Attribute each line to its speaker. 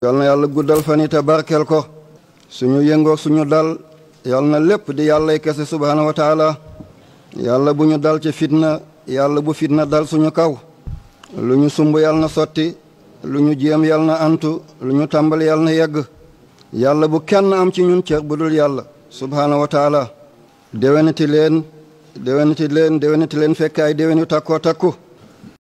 Speaker 1: yal na yàlla guddal fan yi te barkeel ko suñu yëngoo suñu dal yal na lépp di yàllay kese subhaanahu wa yàlla bu ñu dal ci fitna yàlla bu fitna dal suñu kaw lu ñu sumb yal na sotti lu ñu jéem yal na antu lu ñu tàmbali yal na yegg yàlla bu kenn am ci ñun cër bu dul yàlla subhaanahu wa taala déwénati leen déwénati leen déwénati leen fekk ay déwén takkoo
Speaker 2: takku